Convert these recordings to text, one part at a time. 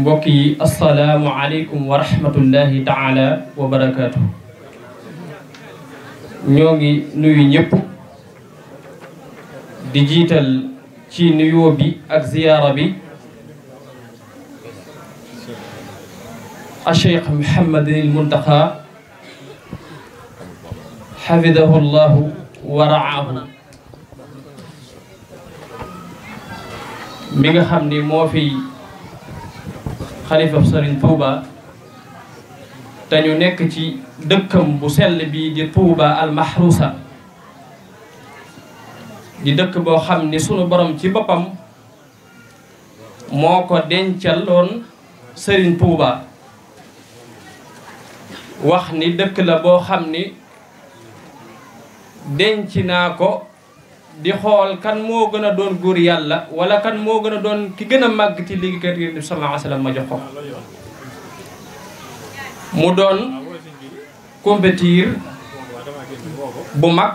mbokk yi asalaamualeykum wa rahmatullahi taala wa barakaatu. ñoo ngi nuyu ñëpp di jiital ci nuyoo bi ak ziyaara bi a cheikh Mouhamadul Muntaqa xafidahu llahu wa raahu mi nga xam ni moo fi xalifa Sëriñ Touba dañu nekk ci dëkkam bu sell bi di Touba al di dëkk boo xam ni sunu borom ci boppam moo ko dencaloon Sëriñ Touba wax ni dëkk la boo xam ni denc naa ko di xool kan moo gën a doon góor yàlla wala kan moo gën a doon ki gën a màgg ci liggéeykat yi di sallallahu ma jox ko mu doon compétir bu mag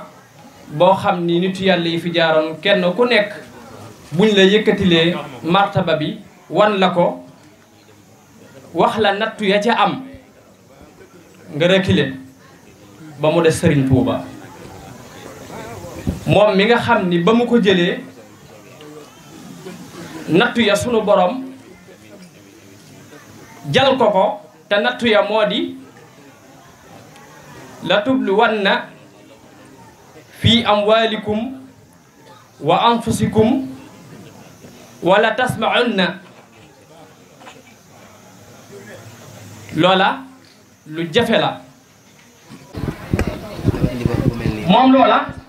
boo xam ni nitu yàlla yi fi jaaroon kenn ku nekk buñ la yëkkatilee martaba bi wan la ko wax la nattu ya ca am nga reculer ba mu des Serigne Touba. moom mi nga xam ni ba mu ko jëlee nattu ya sunu borom jal ko ko te nattu ya moo di la tubluwanna fi amwalikum wa walla wala tasmaunna loola lu jafe la moom loola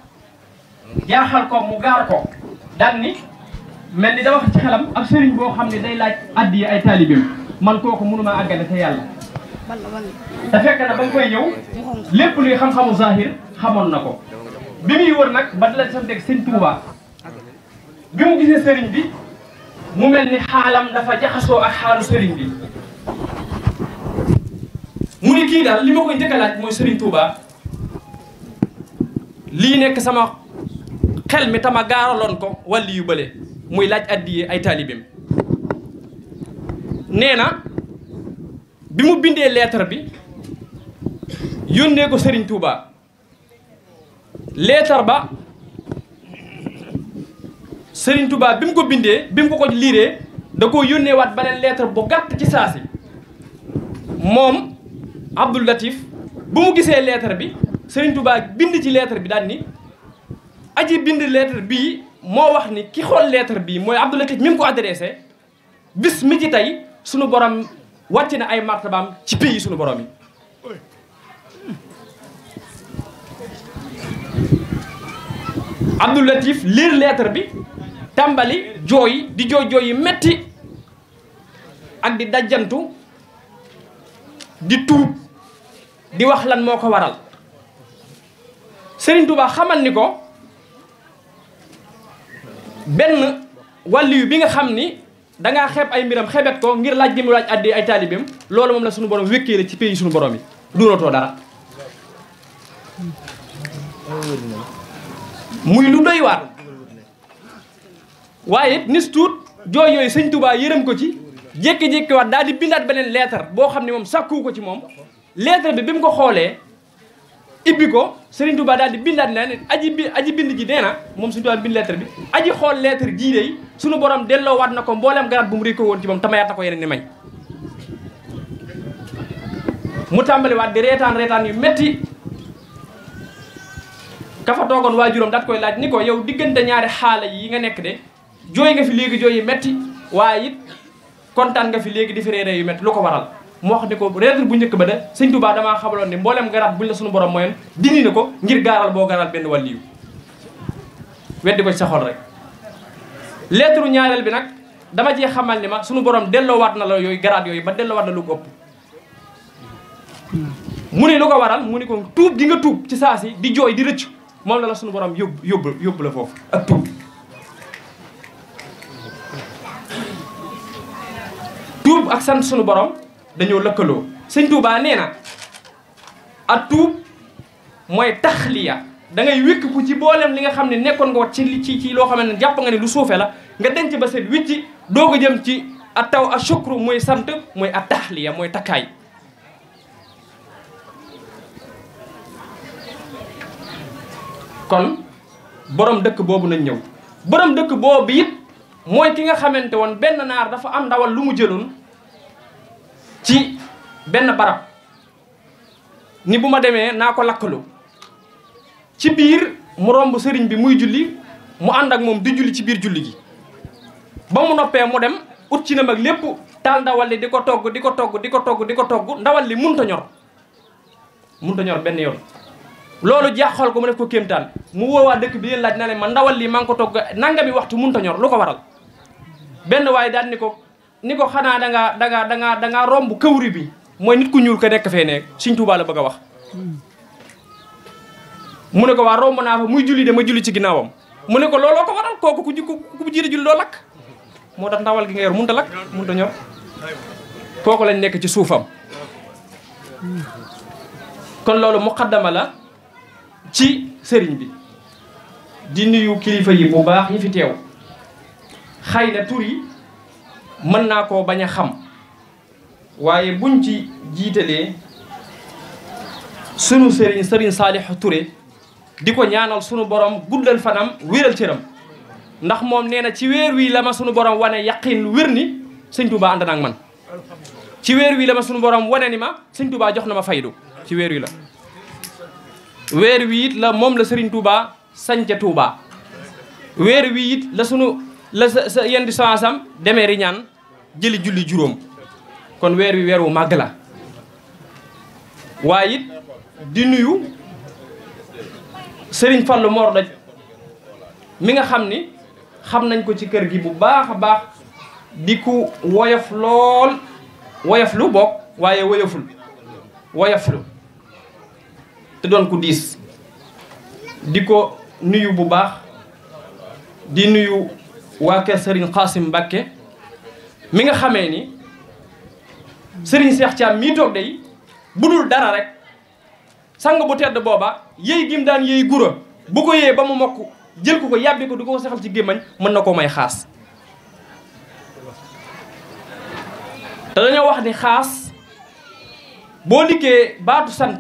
jaaxal ko mu gaar ko daan ni mel ni da wax ci xelam ab sëriñ boo xam ne day laaj addi ay taalibeem man koo kooku mënuma àggale te yàlla te fekk na ba nga koy ñëw lépp luy xam-xamu xamoon na ko bi muy nag ba dala sam deg sëñ Touba bi mu gisee sëriñ bi mu mel ni xaalam dafa jaxasoo ak xaalu sëriñ bi mu ni kii daal li ma koy njëkk laaj mooy sëriñ Touba lii nekk sama xel mi tama gaaraloon ko wàlli yu bële muy laaj addiye ay taalibeem nee na bi mu bindee lettre bi yónnee ko Serigne Touba lettre ba Serigne Touba bi mu ko bindee bi mu ko ko liiree da koo yónnee waat beneen lettre bu gàtt ci saasi moom Abdoul Latif bu mu gisee lettre bi Serigne Touba bind ci lettre bi daal ni aji bind lettre bii moo wax ni ki xool lettre bii mooy Abdou Latif mi ko adressé bis mi ci tey sunu borom wàcc na ay martabaam ci pays sunu borom yi. Abdou liir lettre bi tàmbali jooy di jooy jooy yi metti ak di dajjantu di tuub di wax lan moo ko waral Serigne xamal ni ko. benn wàlliyu bi nga xam ni dangaa xeeb ay mbiram xebet ko ngir laaj gi mu laaj addi ay taalibeem loolu moom la suñu borom wékkeele ci pays suñu borom yi duuratoo dara muy lu doy waar waaye it nis tuut jooy yooyu sëñ yërëm ko ci jékki-jékki waat daal di bindaat beneen leetar boo xam ne moom sàkkuwu ko ci moom lettre bi bi mu ko xoolee ibbi ko Serigne Touba daal di bindaat leen aji bi aji bind ji nee na moom si Touba bi lettre bi aji xool lettre jii de sunu borom waat na ko mbooleem garab bu mu rékkoo woon ci moom tamayaat na ko yeneen ni may mu tàmbaliwaat di reetaan reetaan yu metti ka fa toogoon waajuram daat koy laaj ni ko yow diggante ñaari xaala yi nga nekk de jooy nga fi léegi jooy yu metti waaye it kontaan nga fi léegi di fi yu metti lu ko waral moo wax ne ko lettre bu njëkk ba de sëñ Touba damaa xamaloon ne mboolem garaat buñ la suñu borom mooyoon dindi na ko ngir gaaral boo gaaral benn wàlliyu weddi ko sa xol rek lettre ñaareel bi nag dama cee xamal ni ma suñu borom delloowaat na la yooyu garaat yooyu ba delloowaat na lu ko mu ni lu ko waral mu ni ko tuub gi nga tuub ci saa si di jooy di rëccu moom la la suñu borom yóbbu yóbbu yóbbu la foofu ak tuub tuub ak sant suñu borom dañoo lëkkaloo sëñ Touba nee na ak tuub mooy taxliya da ngay wékk ci boolem li nga xam ne nekkoon nga wat ci ci ci loo xam ne jàpp nga ne lu suufe la nga denc ba seen wicci doog a jëm ci a taw a shukru mooy sant mooy a mooy takkaay kon borom dëkk boobu nañ ñëw borom dëkk boobu it mooy ki nga xamante woon benn naar dafa am ndawal lu mu jëloon ci benn barab ni bu ma demee naa ko lakkalu ci biir mu romb sëriñ bi muy julli mu ànd ak moom di julli ci biir julli ji ba mu noppee mu dem ut ci nam mag lépp taal ndawal li di ko togg di ko togg di ko togg di ko togg ndawal li munta ñor munta ñor benn yoon loolu jaaxal ko mu def ko kéemtaan mu woowaa dëkk bi leen laaj na leen ma ndawal li maa ngi ko togg bi waxtu munta ñor lu ko waral benn waaye daal ni ko ni ko xanaa dangaa dangaa dangaa dangaa romb kawri bi mooy nit ku ñuul ko nekk fee nekk Sëñ Tuubaa la bëgg a wax mu ne ko waa romb naa fa muy julli de ma julli ci ginnaawam mu ne ko looloo ko waral kooku ku ku jiite julli doo lakk moo tax ndawal gi nga yor mun a lakk mënut a ñor kooku lañ nekk ci suufam kon loolu muqaddama la ci sëriñ bi di nuyu kilifa yi bu baax yi fi teew xëy na tur yi mën naa koo bañ a xam waaye buñ ci jiitalee sunu sëriñ sëriñ Saalixu Ture di ko ñaanal sunu borom guddal fanam wéral cëram ndax moom nee na ci weer wii la ma sunu borom wane yaqin wér ni sëñ Tuubaa ànd man ci weer wii la ma sunu borom wane ni ma sëñ Tuubaa jox na ma faydu ci weer wi la weer wi it la moom la sëriñ Tuubaa sañca Tuubaa weer wi it la sunu la sa sa yéen di saasam demee riñaan jëli julli juróom kon weer wi weer wu màgg la waaye it di nuyu sëriñ Fallou Mor Daj mi nga xam ni xam nañ ko ci kër gi bu baax a baax di ku woyof lool woyof lu bokk waaye woyoful woyof lu te doon ku diis di ko nuyu bu baax di nuyu waa kër Serigne Xaasim Mbàkke mi nga xamee ni Serigne Cheikh Thiam mii toog day bu dul dara rek sang bu tedd booba yëy gim daan yëy gura bu ko yëyee ba mu mokk jël ko ko yàbbi ko du ko sexal ci gémmañ mën na koo may xaas te dañoo wax ni xaas boo dikkee baatu sant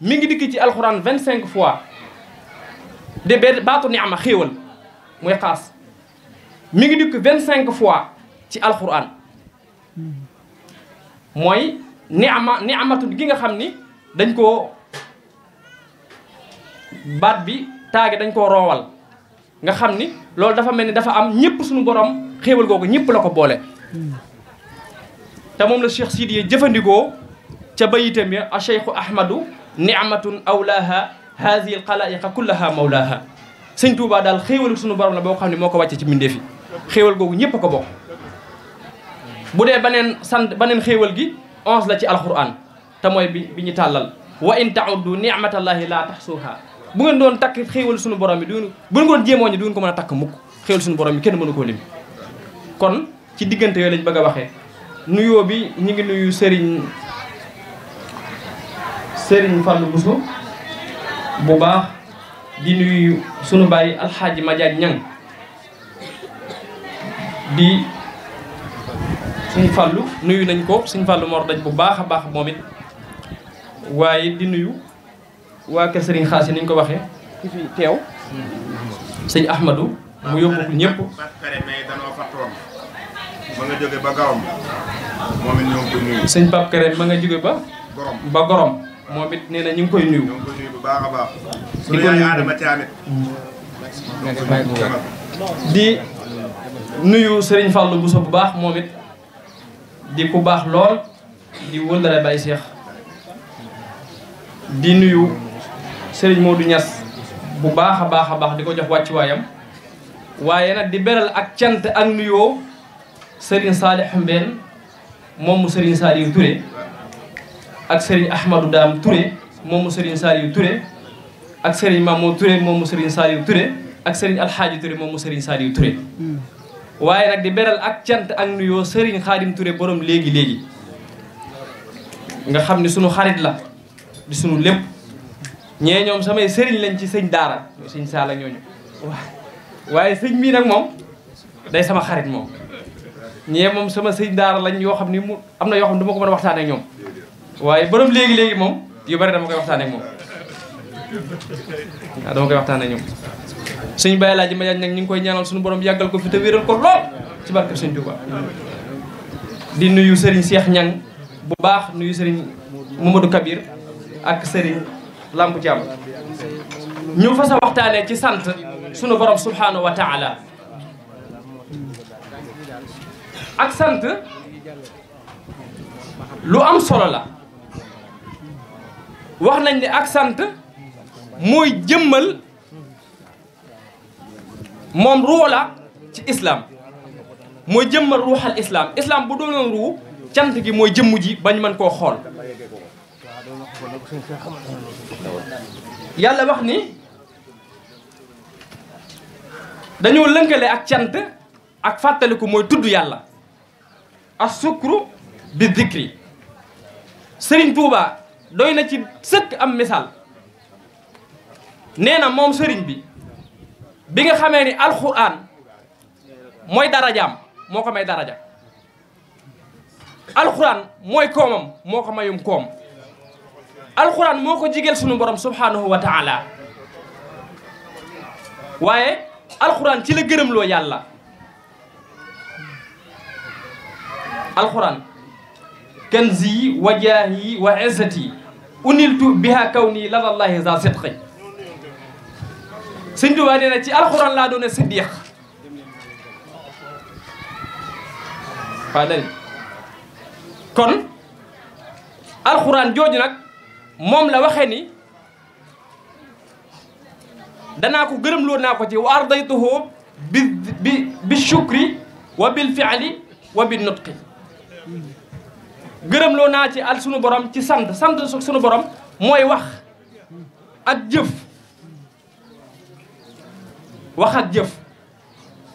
mi ngi dikk ci alxuraan vingt cinq fois de baatu neex ma xéewal muy xaas mi ngi dikk vingt cinq fois ci alxuraan mooy niama niamatun gi nga xam ni dañ koo baat bi taage dañ koo roowal nga xam ni loolu dafa mel ni dafa am ñëpp suñu borom xéewal googu ñëpp la ko boole te moom la Cheikh Sidiye jëfandikoo ca bayitam ya a cheikhu ahmadu niamatun awlaaha haadihi alxalaayiqa kullaha mawlaaha sëñ Tuubaa daal xéewal suñu borom la boo xam ne moo ko wàcce ci mbindeef yi xéewal googu ñëpp a ko bokk bu dee baneen sant baneen xéewal gi onze la ci alquran te mooy bi bi ñu tàllal wa in tauddu nicmatallahi laa taxsuha bu ngeen doon takk xéewal suñu borom bi duñu bu ngeen doon ñi duñu ko mën a takk mukk xéewal suñu borom bi kenn mënu koo lim kon ci diggante yooyu lañ bëgg a waxee nuyoo bi ñu ngi nuyu sëriñ sëriñ Fallou Bousso bu baax di nuyu sunu bàyyi alxaaji Madiagne Niang di suñ fàllu nuyu nañ ko suñ fàllu moo daj bu baax a baax moom it waaye di nuyu waa kër sëriñ xaas yi niñ ko waxee ki fi teew sëñ ahmadou mu yóbbu ñëpp ma nga jóge ba gorom moom it ñoo Kare ma nga jóge ba. gorom ba gorom moom it nee na ñu ngi koy nuyu. ñoo koy baax a baax. di ko di nuyu Serigne Fallou Bousso bu baax moom it di ku baax lool di wëndale Baye Cheikh di nuyu sëriñ moo Modou ñas bu baax a baax a baax di ko jox waayam waaye nag di beral ak cant ak nuyoo Serigne Salih Mbène moom mu Serigne yu ture ak Serigne Ahmadou daam Touré moom mu Serigne yu ture ak Serigne Mamadou ture moom mu Serigne yu ture ak Serigne Alxaaji Touré moom mu Serigne Saliou Touré waaye nag di beral ak cant ak nuyoo Serigne Khadim Touré borom léegi léegi nga xam ni sunu xarit la di sunu lépp ñee ñoom samay sëriñ lañ ci sëñ daara sëñ saala ñooñu waaw waaye sëñ mii nag moom day sama xarit moom ñee moom sama sëñ daara lañ yoo xam ni mu am na yoo xam ne du ma ko mën a waxtaan ñoom waaye borom léegi léegi moom yu bare dama koy waxtaan moom waaw ah, dama koy waxtaan ak ñoom suñu bàyyi laa ji ma jaaj nag ñu ngi koy ñaanal suñu borom yàggal ko fi te wéral ko lool ci barkeb sëñ Tuuba di nuyu Serigne seex Ñang bu baax nuyu sëriñ Mamadou Kabir ak Serigne Lamp Thiam ñu fas a waxtaanee ci sant suñu borom subhanahu wa ak sant lu am solo la wax nañ ne ak sant mooy jëmmal moom ruu la ci islaam mooy jëmmal ruuxal islam islam bu doonoon ruu cant gi mooy jëmm ji bañ man koo xool yàlla wax ni dañoo lënkale ak cant ak fàttaliku mooy tudd yàlla as sukru bi dikri Serigne Touba doy na ci sëkk am misaal nee na moom sëriñ bi bi nga xamee ni alxuraan mooy darajaam moo ko may daraja alxuraan mooy koomam moo ko mayum koom alxuraan moo ko jigéel sunu borom subhanahu wa taala waaye alxuraan ci la gërëmloo yàlla alxuraan kanzi wa jaahi wa izzati uniltu biha kawni ladallahi za sidqi sëñ Tuubaa nee na ci alxuraan laa doon a siddiq waaw dal kon alxuraan jooju nag moom la waxee ni danaa ko gërëm loo naa ko ci wa ardaytuhu bi bi bi shukri wa bil bi nutqi gërëm naa ci al sunu borom ci sant sant sunu borom mooy wax ak jëf wax ak jëf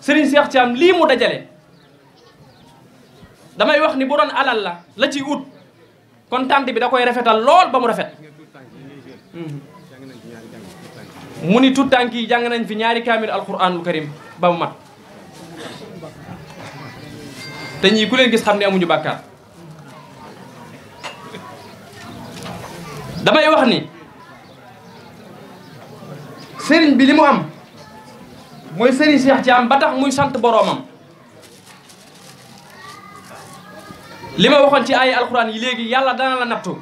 Serigne Cheikh Thiam lii mu dajale damay wax ni bu doon alal la la ciy ut kon tànt bi da koy rafetal lool ba mu rafet hmm. mu ni tut tànk yi jàng nañ fi ñaari kaamil alquranul karim ba mu mat te ñii ku leen gis xam ne amuñu bàkkaar damay wax ni sëriñ bi li mu am mooy sëriñ Cheikh Thiam ba tax muy sant boroomam li ma waxoon ci ay alxuraan yi léegi yàlla dana la nattu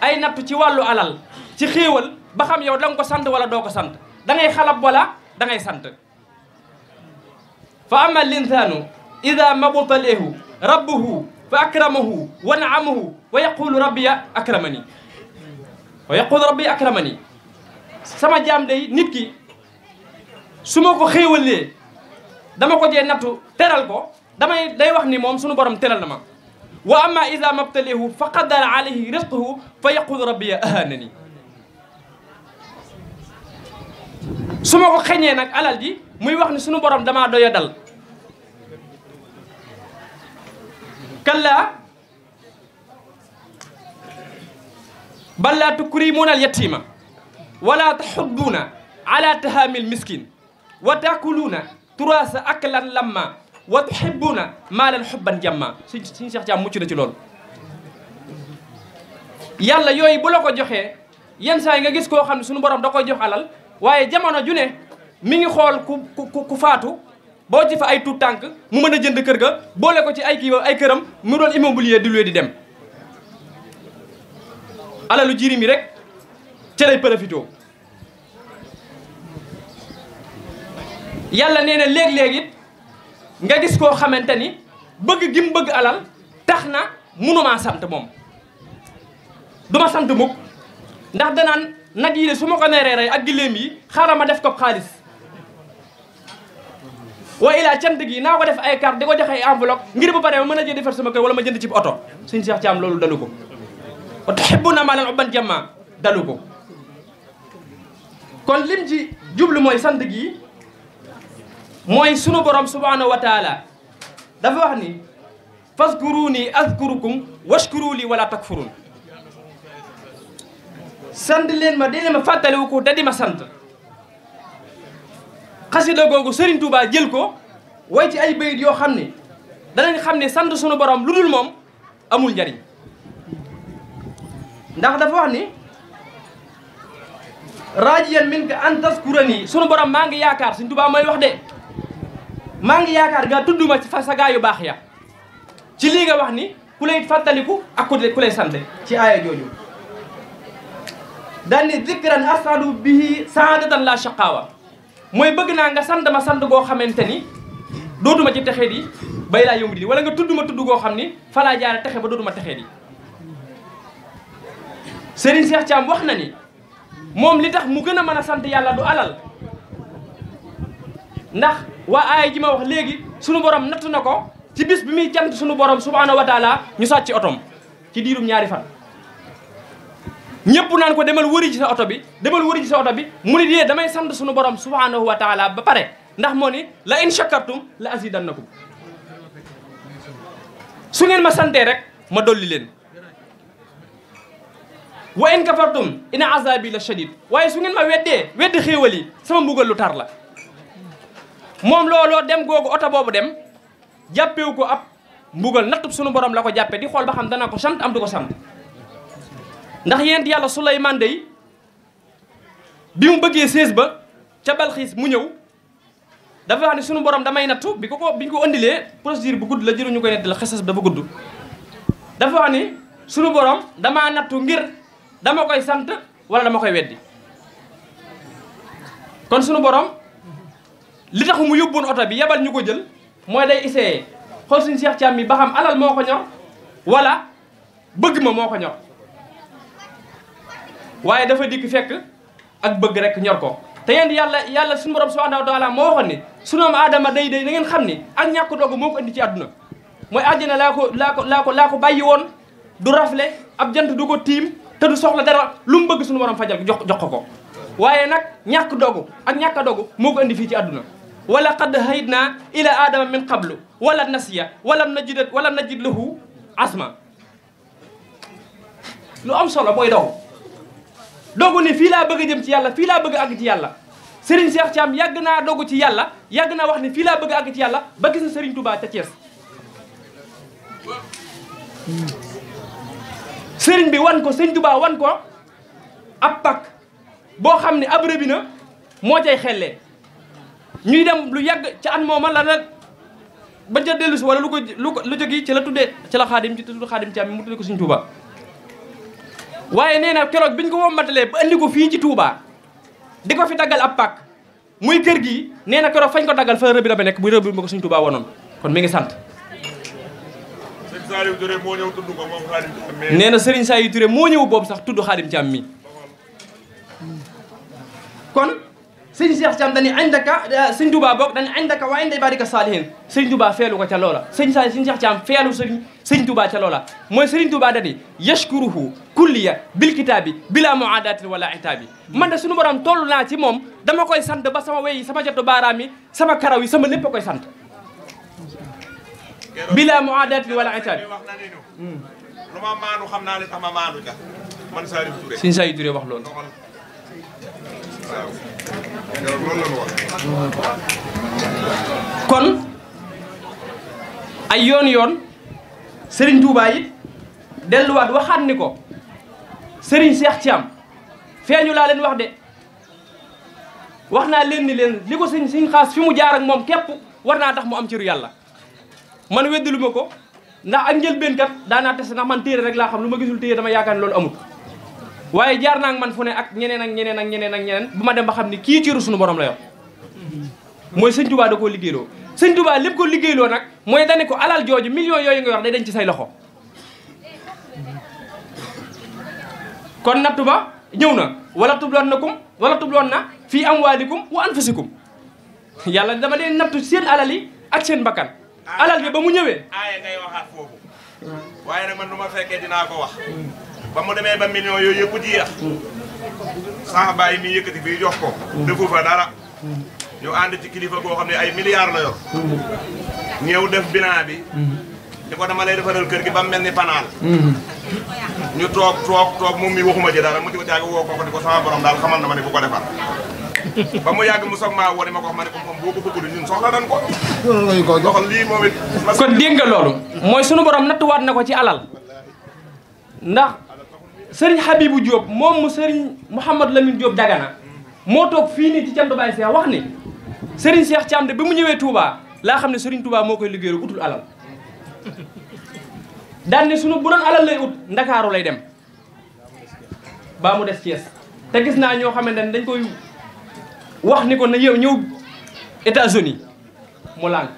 ay nattu ci wàllu alal ci xéewal ba xam yow danga ko sant wala doo ko sant dangay ngay xalab wala da sant fa ama linsaanu ida mabutaleehu rabbuhu fa akramahu wa naamahu wa yaqulu rabbiya akramani wa yaqulu rabbiya akramani sama jaam dey nit ki su ma ko xéewalee dama ko jee nattu teral ko damay day wax ni moom sunu borom teral na ma wa amma ida mabtalihu fa qadara alayhi risqahu fa yaqul rabbiya ahanani su ma ko xeñee nag alal ji muy wax ni sunu borom damaa doya dal kalla bal laa tukrimuuna al yatiima wala taxudduuna ala tahaamil miskin wa taakuluuna turaasa lan lamma wa tuhibbuuna maalan xubban jamma suñ suñ Cheikh Thiam mucc na ci loolu yàlla yooyu bu la ko joxee yenn saa yi nga gis koo xam ne suñu borom da koy jox alal waaye jamono ju ne mi ngi xool ku ku ku faatu boo ji fa ay tuut tànk mu mën a jënd kër ga boole ko ci ay kii ay këram mu doon yee di luwe di dem alalu jirim yi rek ca lay profité yàlla nee na léeg léegi nga gis koo xamante ni bëgg gi bëgg alal tax na munumaa sant moom duma ma sant mukk ndax danaan nag yi de su ma ko neeree rey ak giléem yi xaaral ma def ko xaalis wa ilaa cant gi naa ko def ay carte di ko joxe ay ngir bu paree ma mën a jënd defar sama kër wala ma jënd ci oto suñ seex ci am loolu dalu ko wa tuhibbuna maalan hubban jamma dalu ko kon lim ci jublu mooy sant gi mooy sunu borom subhaanahu wa taala dafa wax ni faskuruni azkurukum washkuru li wala takfurun sand leen ma dee ma fàttaliwu ko da di ma sant xasida googu Serigne Touba jël ko way ci ay bayit yoo xam ne danañ xam ne sand sunu borom lu dul moom amul njariñ ndax dafa wax ni raajiyan min ka an taskurani sunu borom maa ngi yaakaar Serigne Touba mooy wax de maa ngi yaakaar nga tudd ma ci fa sa yu baax ya ci lii nga wax ni ku lay fàttaliku ak ku lay sant ci aaya jooju daal ni zikran bi bihi dan la shaqaawa mooy bëgg naa nga sant ma sant goo xamante ni dootuma ci texee bi bay laa yomb di wala nga tudd ma tudd goo xam ni falaa jaare texe ba dootuma texee di Serigne Cheikh Thiam wax na ni moom li tax mu gën a mën a sant yàlla du alal ndax waa aaya ji ma wax léegi sunu borom nattu na ko ci bis bi muy cant sunu borom subhaanahu wa ñu sàcc otom ci diirum ñaari fan ñëpp naan ko demal wëri ji sa oto bi demal wëri ji sa bi mu ni dee damay sant sunu borom subhaanahu wa taala ba pare ndax moo ni la in shakartum la azidannakum su ngeen ma santee rek ma dolli leen wa in kafartum ina azabi la shadid waaye su ngeen ma weddee weddi xéewal yi sama mbugal lu tar la moom looloo dem googu oto boobu dem jàppewu ko ab mbugal nattub sunu borom la ko jàppe di xool ba xam dana ko sant am du ko sant ndax yent yàlla Suleymaan dey bi mu bëggee sées ba ca Balxiis mu ñëw dafa wax ne sunu borom damay nattu bi ko ko bi ko indilee procédure bu gudd la jëru ñu koy nett la xesas dafa gudd dafa wax ni sunu borom damaa nattu ngir dama koy sant wala dama koy weddi kon sunu borom li tax mu yóbbuwoon oto bi yebal ñu ko jël mooy day essayé xool suñu Cheikh Thiam mi ba xam alal moo ko ñor wala bëgg ma moo ko ñor waaye dafa dikk fekk ak bëgg rek ñor ko. te yéen yàlla yàlla suñu borom subhanahu wa taala moo waxoon ni sunu aadama day day da ngeen xam ni ak ñàkk doog moo ko indi ci àdduna mooy àjjana laa ko laa ko laa ko laa ko bàyyi woon du rafle ab jant du ko tiim te du soxla dara lu mu bëgg suñu borom fajal jox jox ko ko waaye nag ñàkk dogu ak ñàkk moo ko fii ci àdduna wala qad haydna ila adama min qablu wala nasiya walla najid wala najid lahu asma lu am solo booy dogu dogu ni fii laa bëgg a jëm ci yàlla fii laa bëgg a àgg ci yàlla Serigne Cheikh Thiam yàgg naa dogu ci yàlla yàgg naa wax ni fii laa bëgg a àgg ci yàlla ba gis na Serigne Touba ca Thiès Serigne bi wan ko Serigne Touba wan ko ab pak boo xam ne ab rëbina moo cay xellee ñuy dem lu yàgg ci at mooma la nag ba ca dellusi wala lu ko lu ko lu jógi ci la tuddee ci la xaadim ci tudd xaadim ci am mu tuddee ko suñ Touba. waaye nee na keroog biñ ko wombatalee ba andi ko fii ci Touba di ko fi daggal ab pàkk muy kër gi nee na keroog fañ ko daggal fa rëbbi la ba nekk muy rëbbi ba ko suñ Touba wanoon kon mi ngi sant. nee na Serigne Saliou Touré moo ñëw boobu sax tudd xaadim ci am mi kon. sëñ Cheikh Thiam dañuy añ daka eh, sëñ Touba boog dañuy añ daka wa inda ibadika feelu ko ca loola sëñ sa sëñ Cheikh Thiam feelu sëñ sëñ Touba ca mooy sëriñ Touba dadi yashkuruhu kulliya bil kitaabi bila muadatin wala itaabi man de suñu borom toll naa ci moom dama koy sant ba sama wey sama jotu baaraam sama karaw yi sama lépp koy sant bila muadatin wala itaabi lu xam naa li tax ma wax loolu kon ay yoon yoon sëriñ Touba it delluwaat waxaat ni ko Serigne Cheikh Thiam feeñu laa leen wax de wax naa leen ni leen li ko sëñ sëñ xaas fi mu jaar ak moom képp war naa tax mu am ciru yàlla man weddilu ma ko ndax ak njëlbeen kat daanaa test ndax man téere rek laa xam lu ma gisul téere dama yaakaar ne loolu amut waaye jaar naa man fu ne ak ñeneen ak ñeneen ak ñeneen ak ñeneen ba ma dem ba xam ni kii ciiru suñu borom la yor mooy sëñ Tuubaa da koo liggéeyloo sëñ Tuubaa lépp ko liggéeyloo nag mooy dane ko alal jooju millions yooyu nga yor day dañ ci say loxo kon nattu ba ñëw na wala tubloon na kum wala tubloon na fii amwaalikum wa anfusikum yàlla dama leen nattu seen alal yi ak seen bakkan ah, alal bi ba mu ñëwee. aaye ngay waxaat foofu waaye nag man lu ma fekkee dinaa ko wax. ba mu demee ba million yooyu yëpp jeex saxaaba yi mi yëkkati fii jox ko defu fa dara ñu ànd ci kilifa goo xam ne ay milliards la yor ñëw def binaa bi di ko dama lay kër gi ba mu mel ni ñu toog toog moom mi waxuma ci dara mu di ko caagi woo ko di ko sama borom daal na ma ne ko defar ba mu yàgg mu soog maa woo ma ko ma ne ko moom boo ko bëggul ñun soxla nañ ko doxal lii moom it kon dégg nga loolu mooy sunu borom waat na ko ci alal ndax sëriñ Habibou Diop moom mu sëriñ Mouhamad Lamine jóob Dagana moo toog fii nii ci Thiam Baye Cheikh wax ni sëriñ seex Thiam de bi mu ñëwee tuubaa laa xam ne sëriñ Touba moo koy liggéeyal utul alal daan ne sunu bu doon alal lay ut ndakaaru lay dem baa mu des cees te gis naa ñoo xamante ne dañ koy wax ni ko na yow ñëw États-Unis mu lànk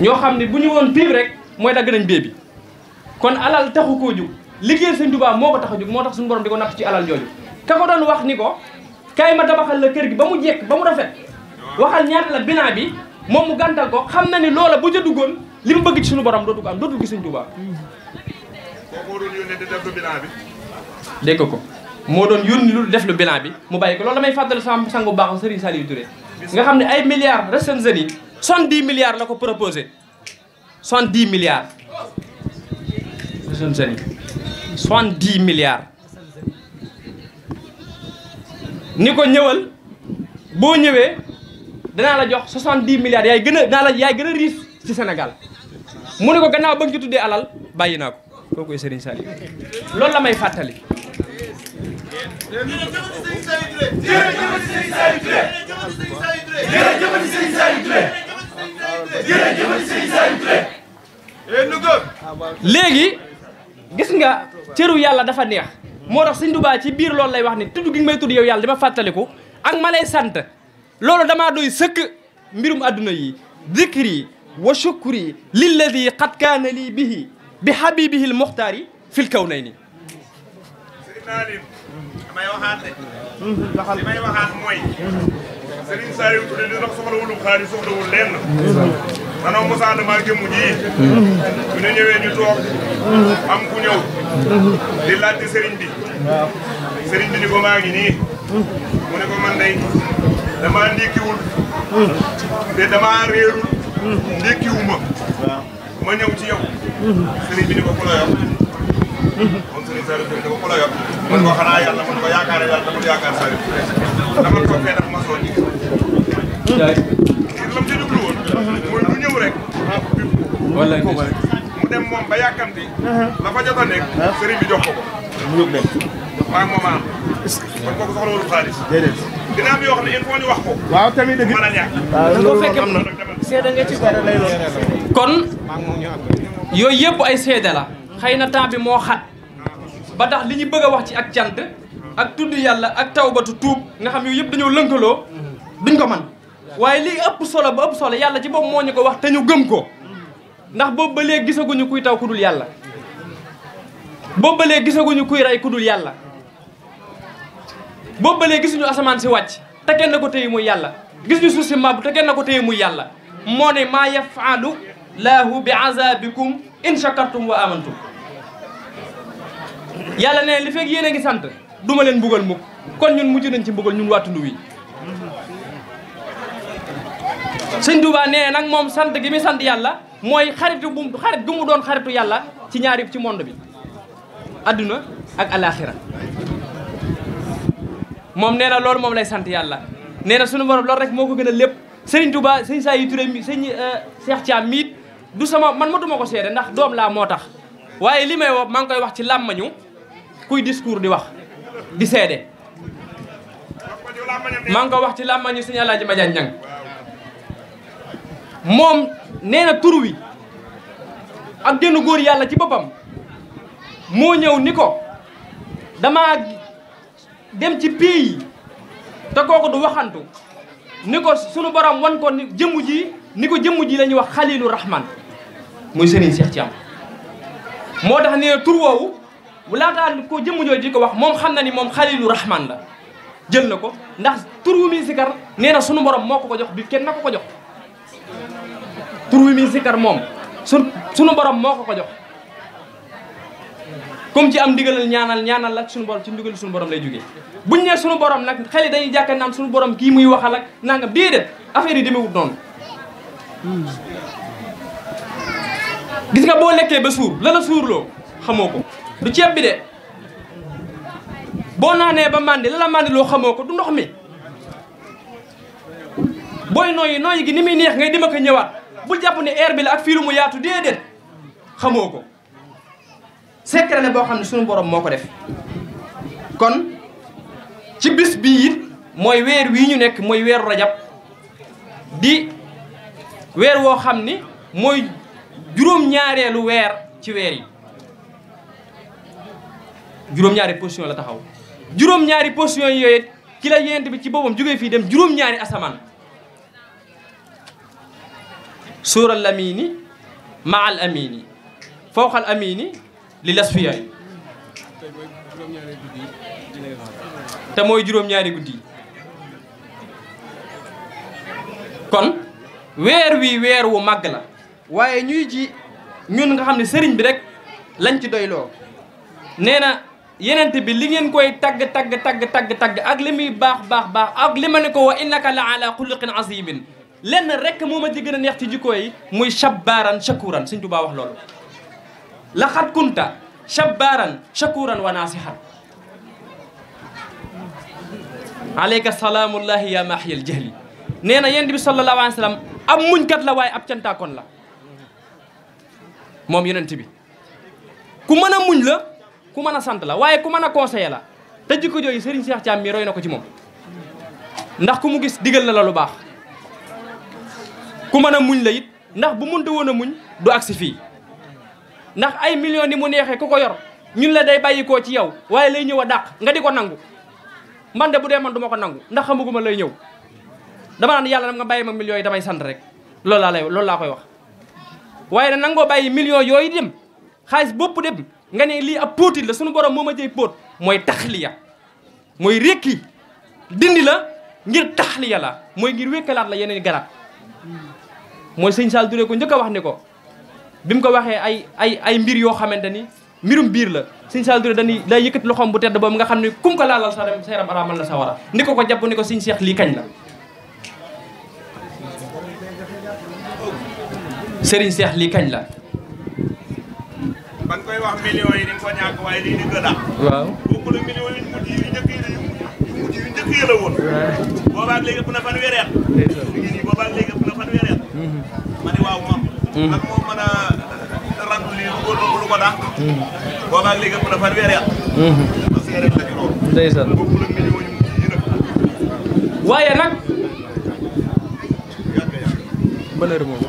ñoo xam ne bu ñu woon piib rek mooy dagg nañ bee kon alal taxu ko jug liggéeyal sëñ Tuubaa moo ko tax a jug moo tax suñu borom di ko natt ci alal jooju ka ko doon wax ni ko kaay ma tabaxal la kër gi ba mu jekk ba mu rafet waxal ñaata la binaa bi moom mu gàntal ko xam na ni loola bu ja duggoon li mu bëgg ci suñu borom dootu ko am dootul gis sëñ Tuubaa moo doon yónni di def dégg ko moo doon yónni lu def lu bilan bi mu bàyyi ko loolu damay fàttali sama sangu baax Serigne Saliou Touré. nga xam ne ay milliards restes jeunes yi soixante-dix ko proposé soixante-dix milliards. suñu sëriñ soixante ko ñëwal boo ñëwee danaa la jox soixante-dix milliards yaay gën a gën a riche ci Sénégal mu ne ko gannaaw ba nga alal bàyyi naa ko kooku sëriñ Saliou léegi gis nga cëru yàlla dafa neex moo tax sëñ Tuubaa ci biir loolu lay wax ni tudd gi nga may tudd yow yàlla dama fàttaliku ak ma lay sant loolu dama doy sëkk mbirum adduna yi dikri wa shukri lilladi qad kaana lii bihi bi habibihi muxtaari fil kawnayni damay waxaat Serigne Saliou Touré di dox soxla wulub xaalis soxlawul lenn danoo mosaan maa jëmm jii bu ñu ñëwee ñu toog am ku ñëw di laajte Serigne bi ni ko maa ngi nii mu ne ko man day dama ndékkiwul te dama réerul ndékkiwuma ma ñëw ci yow Serigne ni ko ku la yor kon Serigne Saliou Touré ni ko ku la yor man ko xanaa yàlla man ko yaakaar yàlla dama yaakaar Saliou Touré dama toog fee daf ma soo lam ci la ko ko mu yóbbu leen maa ngi moom kon kooku soxla wul xaalis wax ko waaw tamit dëgg a ñàkk na seede kon yooyu yëpp ay seede la xëy na temps bi moo xat ba tax li ñu bëgg a wax ci ak cant ak tudd yàlla ak tu tuub nga xam yooyu yëpp dañoo lënkaloo duñ ko man waaye li ëpp solo ba ëpp solo yàlla ci bopp moo ñu ko wax te ñu gëm ko ndax boobu ba léegi gisaguñu kuy taw ku dul yàlla boobu ba léegi gisaguñu kuy rey ku dul yàlla boobu ba léegi gisuñu asamaan si wàcc te kenn ko téye muy yàlla gisuñu suuf si màbb te kenn ko téye muy yàlla moo ne maa yafalu laahu bi azabikum in shakartum wa amantum yàlla ne li fekk yéen a ngi sant duma leen mbugal mukk kon ñun mujj nañ ci mbugal ñun waa tund wi sëñ Touba nee nag moom sant gi muy sant yàlla mooy xaritu bu xarit gu mu doon xaritu yàlla ci ñaari ci monde bi àdduna ak alaxira moom nee na loolu moom lay sant yàlla nee na sunu borom loolu rek moo ko gën a lépp sëriñ Touba sëñ saa yu turé mi sëñ euh, Cheikh Thiam miit du sama man matuma ko seede ndax doom laa moo tax waaye li may woo maa ngi koy wax ci làmmañu kuy discours di wax di seede maa ngi ko wax ci làmmañu sëñ Alaaji Madiagne Niang moom nee na tur ak génn góor yàlla ci boppam moo ñëw ni ko dama dem ci pays yi te kooku du waxantu ni ko sunu borom wan ko ni jëmm ji ni ko jëmm ji la ñuy wax xalilu rahman muy Serigne Cheikh Thiam moo tax nee na tur woowu laataan ko jëmm jooju di ko wax moom xam na ni moom xaliilu rahman la jël na ko ndax tur wu muy sikar nee na sunu borom moo ko ko jox bi kenn na ko ko jox tur wi muy sikkar moom su sunu borom moo ko ko jox comme ci am ndigalal ñaanal ñaanal la sunu borom ci ndigal sunu borom lay jógee buñ ne sunu borom nag xel yi dañuy jàkka naan sunu borom kii muy waxal ak nangam déedéet affaire yi demewut noonu gis nga boo lekkee ba suur la la suurloo xamoo ko du ceeb bi de boo naanee ba màndi la la màndi loo xamoo ko du ndox mi booy nooyi nooy gi ni muy neex ngay dem ak a ñëwaat bu jàpp ne air bi la ak fii lu mu yaatu déedéet xamoo ko secret la boo xam ne suñu borom moo ko def kon ci bis bi it mooy weer wii ñu nekk mooy weer rajab di weer woo xam ni mooy juróom-ñaareelu weer ci weer yi juróom-ñaari position la taxaw juróom-ñaari position yooyu kila la yent bi ci boppam jógee fii dem juróom-ñaari asamaan suura al amini ma al amini fawqa al amini li lasfiya yi te mooy juróom-ñaari guddi kon weer wi weer wu màgg la waaye ñuy ji ñun nga xam ne sëriñ bi rek lañ ci doyloo nee na yenente bi li ngeen koy tagg tag tagg tagg tagg ak li muy baax baax baax ak li ma ne ko wa innaka la ala xuluqin azimin lenn rek moo ma ci gën a neex ci jikko yi muy shabbaaran shakuran Sëñ Tuubaa wax loolu laxat kunta shabbaaran shakuran wa naasihan aleyka salaamullahi ya maahiyal jahli nee na yonent bi sallallahu alayhi wa sallam am muñkat la waaye ab cantaakoon la moom yonent bi ku mën a muñ la ku mën a sant la waaye ku mën a conseiller la te jikko jooju Serigne Cheikh Thiam mi roy na ko ci moom ndax ku mu gis digal na la lu baax ku mën a muñ la it ndax bu mënta woon a muñ du agsi fii ndax ay millions ni mu neexee ku ko yor ñun la day koo ci yow waaye lay ñëw a dàq nga di ko nangu man de bu dee man duma ko nangu ndax xamaguma lay ñëw dama naan yàlla nga bàyyi ma millions yi damay sant rek lool laa lay loolu laa koy wax waaye na nangoo bàyyi millions yooyu dem xaalis bopp dem nga ne lii ab póotit la suñu borom moo ma jëy póot mooy tax taxliya mooy rékki dindi la ngir taxliya la mooy ngir wékkalaat la yeneen garaat mooy siñ Sall Touré ko njëkk a wax ni ko bi mu ko waxee ay ay ay mbir yoo xamante ni mbirum biir la sëñ Sall Touré dañuy day yëkkati loxoom bu tedd boobu nga xam ne kum ko laalal sa dem sa yaram araamal la sa war a ni ko ko jàpp ni ko sëñ Cheikh lii kañ la sëriñ Cheikh lii kañ la fanweeri nag moo mën waaye nag. mëneer moom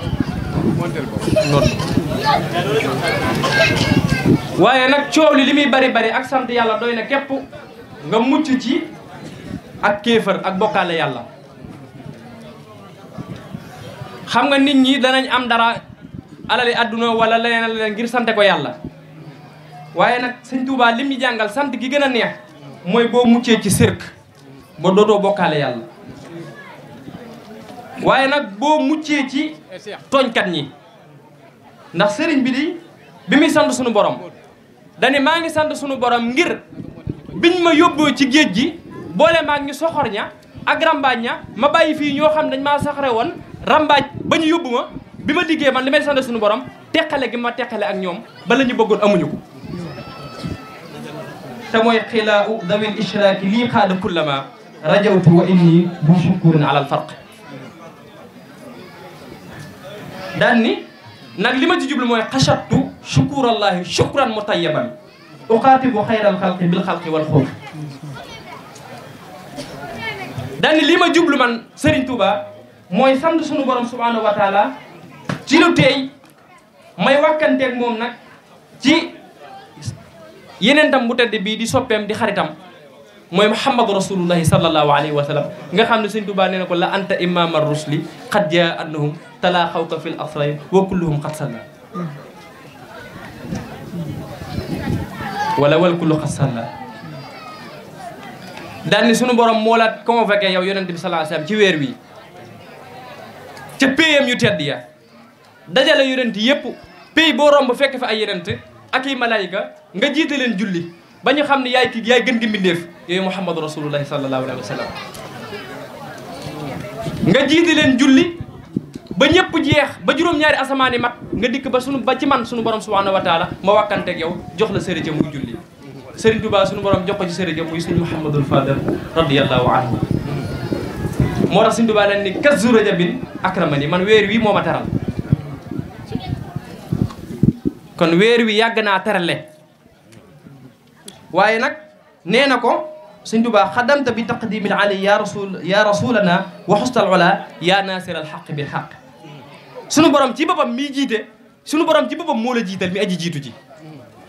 waaye nag coow li muy bari bari ak sant yàlla doy na képp nga mucc ci ak kéefër ak bokkaale yàlla. xam nga nit ñi danañ am dara alali adduna wala leneen leneen ngir sante ko yàlla waaye nag sëñ Touba lim ñu jàngal sant gi gën a neex mooy boo muccee ci sirk ba dootoo bokkaale yàlla waaye nag boo muccee ci tooñkat ñi ndax sëriñ bi di bi muy sant sunu borom dani maa ngi sant sunu borom ngir biñ ma yóbboo ci géej gi boole maag ngi soxor ña ak ña ma bàyyi fii ñoo xam dañ maa saxare woon rambaaj ba ñu yóbbu ma bi ma liggéey man li may sant suñu borom teqale gi ma teqale ak ñoom ba la bëggoon amuñu ko te mooy xilaahu dawil ishraaki lii xaada wa inni bu shukurin ala al farq daan ni nag li ma ci jublu mooy xashattu shukurallaahi shukran mutayyaban uqaatibu xayral xalqi bil xulq daan li ma jublu man Serigne mooy sant sunu borom subhanahu wa taala ci lu tey may wàkkanteeg moom nag ci yeneen tam bu tedd bii di soppeem di xaritam mooy muhammadu rasulullahi sallallahu alayhi wa sallam nga xam ne sëñ Tuubaa nee na ko la anta imam ar rusli xat jaa annahum talaa xawka fil asrayn wa kulluhum xat salla wala wal kullu xat salla daal ni sunu borom moo la convoqué yow yonente bi sallallahu alayhi ci weer wi ca péyam yu tedd ya dajale yonent yépp péy boo romb fekk fa ay yonent ak i malaayika nga jiite leen julli ba ñu xam ne yaay kii yaay gën gi mbindéef yooyu muhammadu rasulullahi sallallahu alayhi wa sallam nga jiite leen julli ba ñëpp jeex ba juróom-ñaari asamaani mat nga dikk ba sunu ba ci man sunu borom subhanahu wa taala ma wàkkanteeg yow jox la sëriñ jëm muy julli sëriñ Tuubaa sunu borom jox ko ci sëriñ jëm muy sëriñ Muhammadul Fadal radiyallahu anhu moo tax suñu Tuubaa leen ni kas zu rajabin akramani man weer wi moo ma teral kon weer wi yàgg naa terale waaye nag nee na ko suñ Tuubaa xadamta bi taqdimil ali ya rasul ya rasulana wa xustal ola ya nasir al xaq bil xaq sunu borom ci boppam mi jiite sunu borom ci boppam moo la jiital mi aji jiitu ji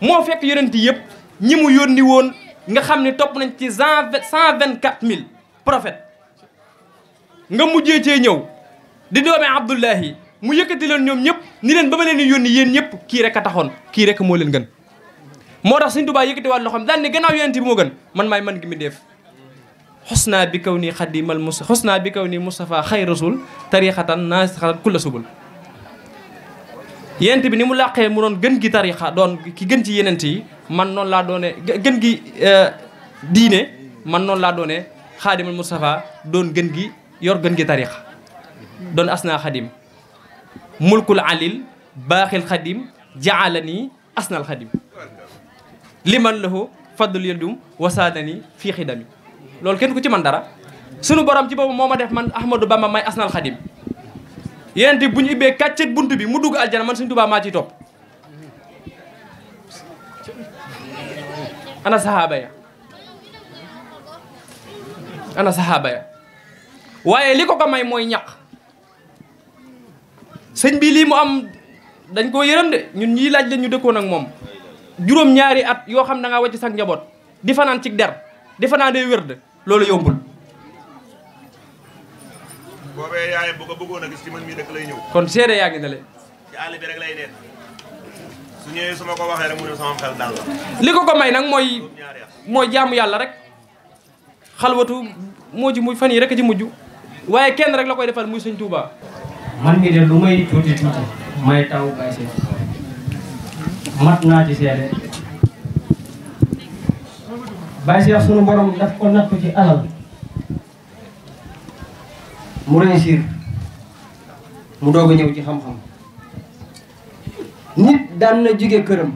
moo fekk yonent yëpp ñi mu yónni woon nga xam ne topp nañ ci cent vingt quatre mille prophètes nga mujjee cee ñëw di doome Abdullahi mu yëkkati leen ñoom ñëpp ni leen ba ma leen di yónni yéen ñëpp kii rek a taxoon kii rek moo leen gën. moo tax Sëñ Tuubaa yëkkati waat loxoom daal ni gannaaw yonent bi moo gën man maay man gi mi def xos naa bi kaw nii xadimal mus xos naa bi kaw nii Moustapha xay rasul tariixatan naasixatan kulla subul yonent bi ni mu làqee mu doon gën gi tariixa doon ki gën ci yenent yi man noon laa doone gën gi euh, diine man noonu laa doone xaadimal Moustapha doon gën gi. yor gën gi tarixa doon asna xadim mulkul alil baaxil xadim jaalani asnal xadim liman lahu fadlul yadum wasaadani fii xidami loolu kenn ku ci man dara sunu borom ci boobu moo ma def man ahmadou bamba may asnal xadim yenente bu ñu ibbee kàccet bunt bi mu dugg aljana man suñ tubaa maa ciy topp ana sahaaba waaye li ko ko may mooy ñaq sëñ bii lii mu am dañ koo yërëm de ñun ñii laaj la ñu dëkkoon ak moom juróom ñaari at yoo xam da ngaa wàcc sax njaboot di fanaan ci der di fanaan day wérd loolu yombul. boobee yaayam ko bëggoon a gis lay ñëw. kon seede yaa ngi ne le. àll bi rek lay nekk ko waxee la. li ko ko may nag mooy mooy jaamu yàlla rek xalwatu moo ci mujj fan yi rek a ci mujj. waaye kenn rek la koy defar muy sëñ Touba. man ngi de lu may tuuti tuuti may taw Baye mat naa ci seede Baye Cheikh sunu borom daf ko nattu ci alal mu réussir mu doog a ñëw ci xam-xam nit daan na jóge këram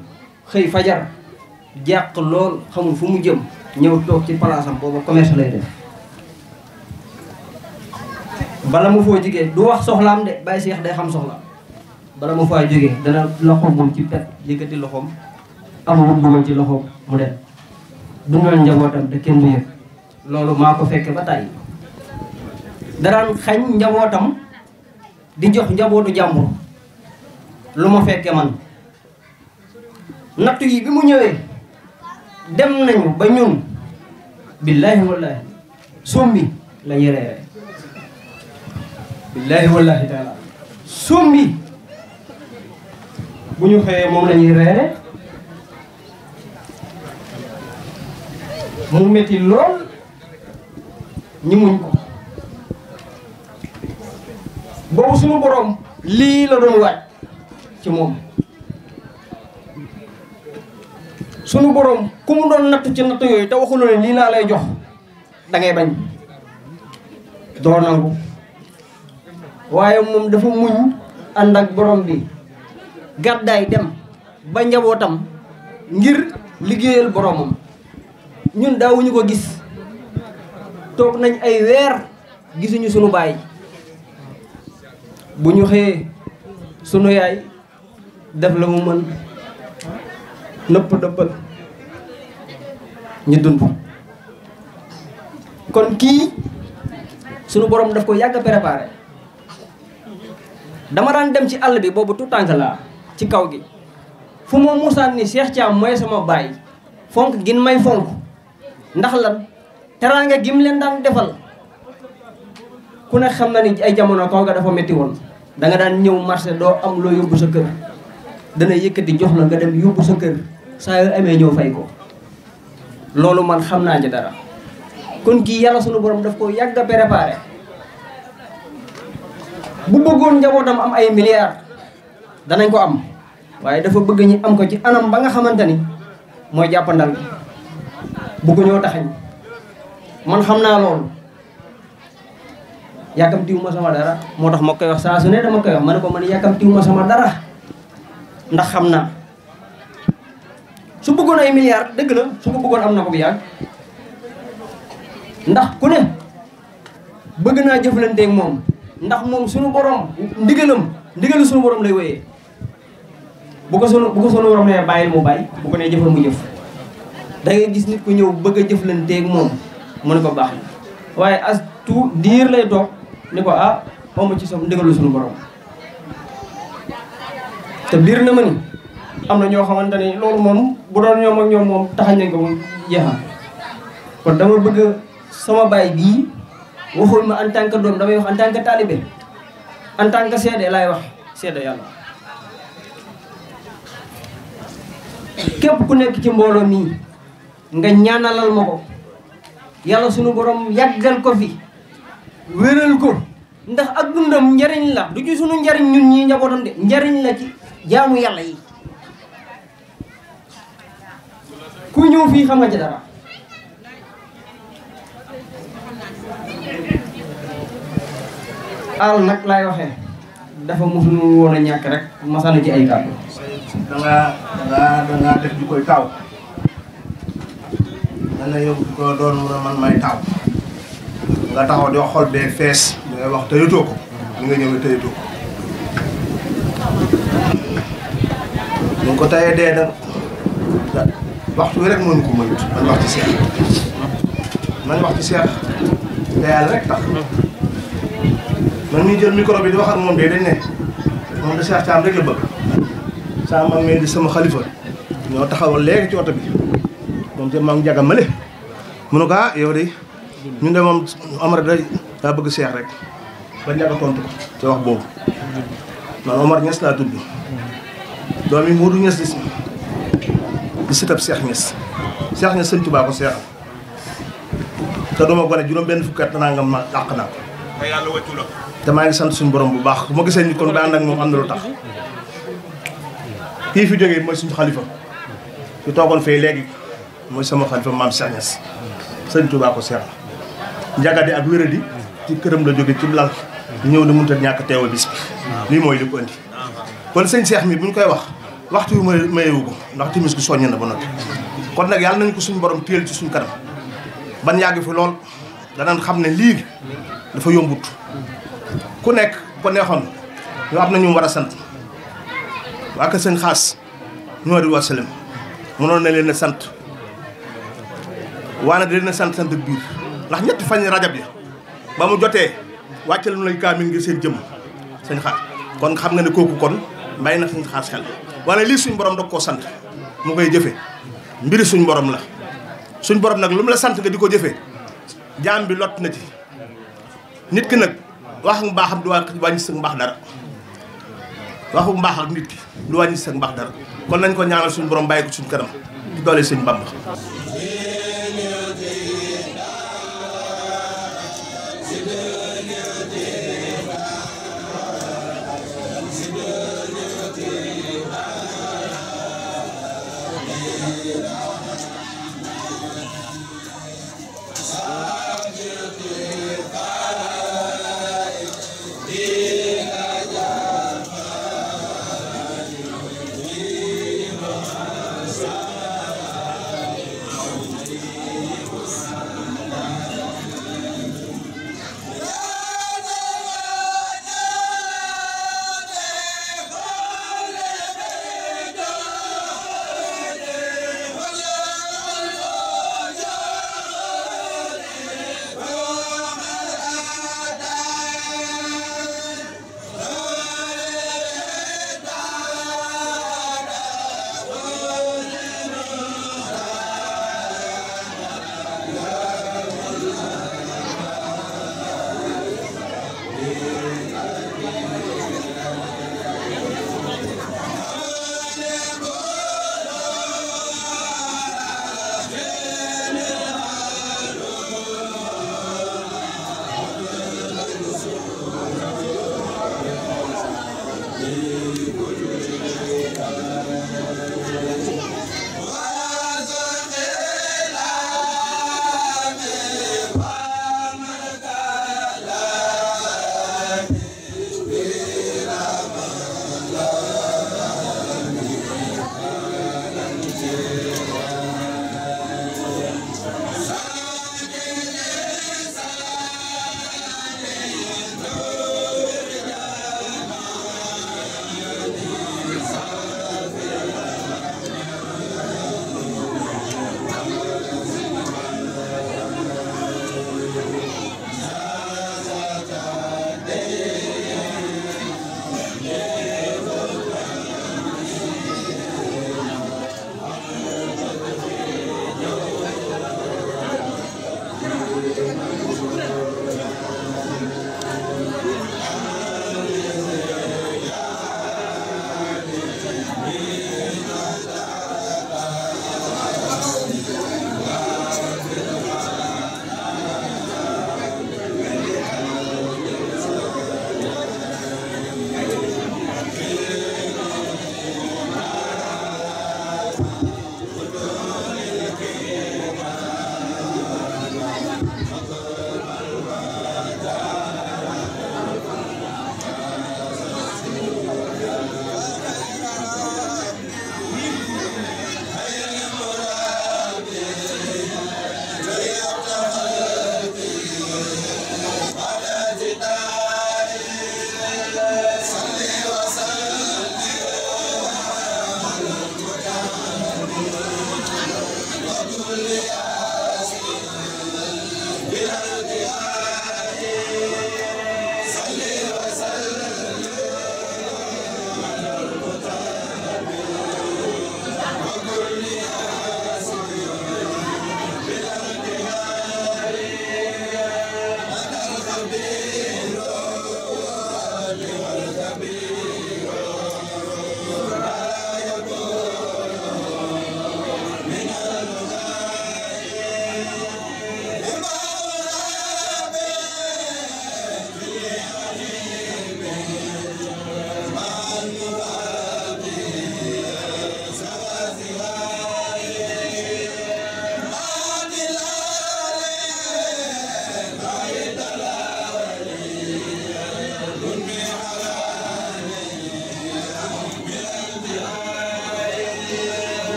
xëy fajar jàq lool xamul fu mu jëm ñëw toog ci palaasam boobu commerce def bala mu foo jigee du wax soxlaam de bàyyi seex day xam soxla bala mu faa jógee dana loxoom moom ci pet yëkkati loxoom amagum dugal ci loxoom mu dem dundal njabootam te kenn du yëg loolu maa ko fekke ba tàyyi daraan xañ njabootam di jox njabootu jàmmu lu ma fekke man nattu yi bi mu ñëwee dem nañu ba ñun billaahi wallaahi sumbi la reere billaahi wallaahi taala suum bi bu ñu xëyee moom la ñuy reere mu metti lool ñi muñ ko boobu suñu boroom lii la doon waaj ci moom suñu borom ku mu doon natt ci natt yooyu te waxuloon lii laa lay jox da bañ doo nangu waaye moom dafa muñ ànd ak borom bi gàddaay dem ba njabootam ngir liggéeyal boromam ñun daawuñu ko gis toog nañ ay weer gisuñu sunu baay bu ñu xëyee sunu yaay def la mu mën nëpp dëppal ñu dund kon kii sunu borom daf ko yàgg a dama daan dem ci àll bi boobu tout tànk laa ci kaw gi fu ma muusaan ni Cheikh Thiam mooy sama baay fonk gin may fonk ndax la lan teraanga gim leen daan defal ku ne xam na ni ay jamono kaw ga dafa metti woon danga daan ñëw marché doo am loo yóbbu sa kër dana yëkkati jox la nga dem yóbbu sa kër saa yoo amee ñëw fay ko loolu man xam naa ci dara kon kii yàlla sunu borom daf ko yàgg a préparé bu bëggoon njabootam am ay milliards danañ ko am waaye dafa bëgg ñi am ko ci anam ba nga xamante ni mooy jàppandal bëgg ñoo taxañ man xam naa loolu yàkkamtiwu ma sama dara moo tax ma koy wax saa su ne dama koy wax ma ne ko man yàkkamtiwu ma sama dara ndax xam naa su bëggoon ay milliards dëgg la su bëggoon am na ko bu yàgg ndax ku ne bëgg naa jëflanteeg moom ndax moom suñu borom ndigalam ndigalu suñu borom lay wéyee bu ko sunu bu ko sunu borom nee bàyyil mu bàyyi ko nee jëfal mu jëf da gis nit ku ñëw bëgg a jëf jëflanteeg moom mu ne ko baax na waaye as tu diir lay toog ni ko ah moom ci som ndigalu suñu borom te biir na ma ni am na ñoo xamante ne loolu moom bu doon ñoom ñoom moom taxañ nañ ko moom jeexam kon dama bëgg sama baay bii waxul ma en tant que doom damay wax en tant que taalibe en seede laay wax seede yàlla képp ku nekk ci mbooloo mii nga ñaanalal ma ko yàlla sunu borom yàggal ko fi wéral ko ndax ak dundam njariñ la du ci sunu njariñ ñun ñii njabootam de njariñ la ci jaamu yàlla yi ku ñëw fii xam nga ci dara alal nag lay waxee dafa mosul woon a ñàkk rek masana ci ay kàddu. da ngaa da ngaa def ju koy taaw. dana yóbbu ko doon mun a man may taaw. nga taxaw di wax xol bee fees di nga wax tëyatoo ko li nga ko. ñu dee da waxtu wi rek mënu ko mënut man wax ci seex man wax ci seex te yàlla rek tax. man mii jël micro bi di wax moom de dañ ne moom de Cheikh Thiam rek la bëgg saa mag mii di sama xalifa ñoo taxawal léegi ci oto bi moom te maam jaga male mu ah yow de ñun de moom Omar day daa bëgg Cheikh rek ba njaga tontu ko ci wax boobu man Omar Niass laa tudd doom yi Modou Niass di di sitab Cheikh Niass Cheikh Niass sëñ te duma gone juróom benn fukki at nangam dàq naa ko te maa ngi sant suñu borom bu baax bu ma gisee nit kon daan nag moom am na lu fi jógee mooy suñu xalifa ñu toogoon fee léegi mooy sama xalifa maam Cheikh Niass sëñ Touba ko seex njagade ak wéradi ci këram la jóge ci lal ñëw na mënut ñàkk teewa bi lii mooy li ko indi kon sëñ Cheikh mi koy wax waxtu yu mayewu ndax timis gi soññ na ba noppi kon nag yàlla nañ ko suñu borom téyel ci suñu kanam ban yàgg fi lool danañ xam ne lii dafa yombut ku nekk ko neexoon ñoo am na ñu war a sant waa ka seen xaas ñoo di wasalem mënoon na leen a sant waana di leen a sant sant biir ndax ñetti fañ rajab ya ba mu jotee wàccal nu lay kaamil ngir seen jëm seen xaas kon xam nga ne kooku kon mbay na seen xaas xel wala lii suñ borom da koo sant mu koy jëfe mbiri suñ borom la suñ borom nag lu mu la sant nga di ko jëfee jaam bi lot na ci nit ki nag wax mbaaxam du wàññi sëg mbaax dara waxu mbaax ak nit ki du wàññi sëg mbaax dara kon nañ ko ñaanal suñu borom bàyyi ko suñu kanam ci doole mbaam Bamba bil